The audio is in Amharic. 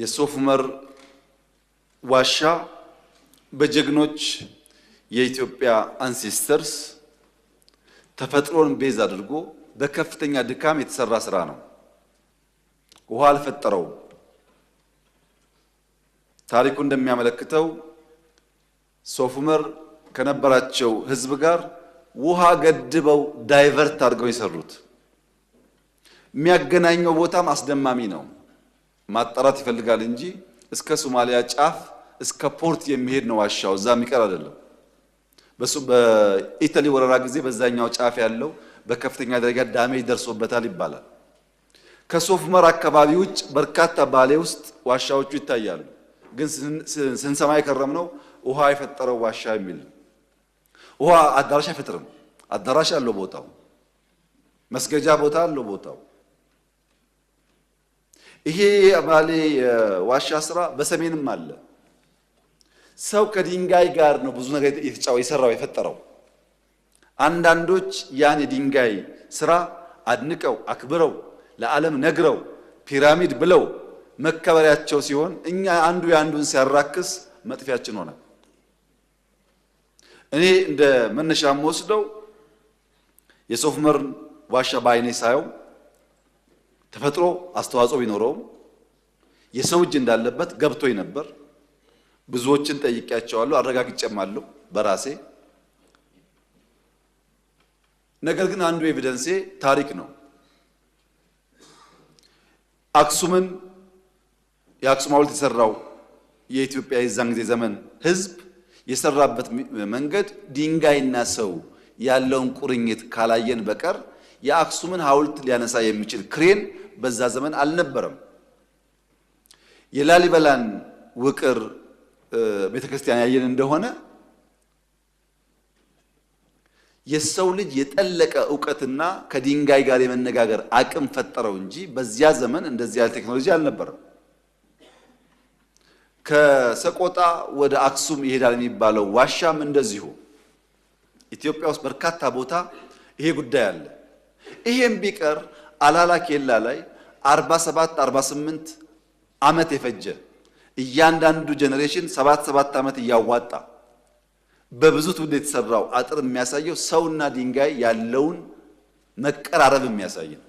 የሶፍመር ዋሻ በጀግኖች የኢትዮጵያ አንሴስተርስ ተፈጥሮን ቤዝ አድርጎ በከፍተኛ ድካም የተሰራ ስራ ነው። ውሃ አልፈጠረውም። ታሪኩ እንደሚያመለክተው ሶፍመር ከነበራቸው ህዝብ ጋር ውሃ ገድበው ዳይቨርት አድርገው የሰሩት የሚያገናኘው ቦታም አስደማሚ ነው። ማጣራት ይፈልጋል እንጂ እስከ ሶማሊያ ጫፍ እስከ ፖርት የሚሄድ ነው ዋሻው። እዛ የሚቀር አይደለም። በሱ በኢታሊ ወረራ ጊዜ በዛኛው ጫፍ ያለው በከፍተኛ ደረጃ ዳሜጅ ደርሶበታል ይባላል። ከሶፍ መር አካባቢ ውጭ በርካታ ባሌ ውስጥ ዋሻዎቹ ይታያሉ። ግን ስንሰማ የከረም ነው ውሃ የፈጠረው ዋሻ የሚል ውሃ አዳራሽ አይፈጥርም። አዳራሽ አለው ቦታው፣ መስገጃ ቦታ አለው ቦታው ይሄ የባሌ ዋሻ ስራ በሰሜንም አለ። ሰው ከድንጋይ ጋር ነው ብዙ ነገር የተጫወ የሰራው የፈጠረው። አንዳንዶች ያን የድንጋይ ስራ አድንቀው አክብረው ለዓለም ነግረው ፒራሚድ ብለው መከበሪያቸው ሲሆን እኛ አንዱ የአንዱን ሲያራክስ መጥፊያችን ሆነ። እኔ እንደ መነሻ የምወስደው የሶፍ መርን ዋሻ በአይኔ ሳየው ተፈጥሮ አስተዋጽኦ ቢኖረውም የሰው እጅ እንዳለበት ገብቶኝ ነበር። ብዙዎችን ጠይቄያቸዋለሁ፣ አረጋግጬማለሁ በራሴ ነገር ግን አንዱ ኤቪደንሴ ታሪክ ነው። አክሱምን የአክሱም ሐውልት የሰራው የኢትዮጵያ የዛን ጊዜ ዘመን ህዝብ የሰራበት መንገድ ድንጋይና ሰው ያለውን ቁርኝት ካላየን በቀር የአክሱምን ሐውልት ሊያነሳ የሚችል ክሬን በዛ ዘመን አልነበረም። የላሊበላን ውቅር ቤተክርስቲያን ያየን እንደሆነ የሰው ልጅ የጠለቀ እውቀትና ከድንጋይ ጋር የመነጋገር አቅም ፈጠረው እንጂ በዚያ ዘመን እንደዚህ ያለ ቴክኖሎጂ አልነበረም። ከሰቆጣ ወደ አክሱም ይሄዳል የሚባለው ዋሻም እንደዚሁ። ኢትዮጵያ ውስጥ በርካታ ቦታ ይሄ ጉዳይ አለ። ይሄም ቢቀር አላላ ኬላ ላይ 47 48 ዓመት የፈጀ እያንዳንዱ ጄኔሬሽን 77 ሰባት ዓመት እያዋጣ በብዙ ትውልድ የተሰራው አጥር የሚያሳየው ሰውና ድንጋይ ያለውን መቀራረብ የሚያሳይ ነው።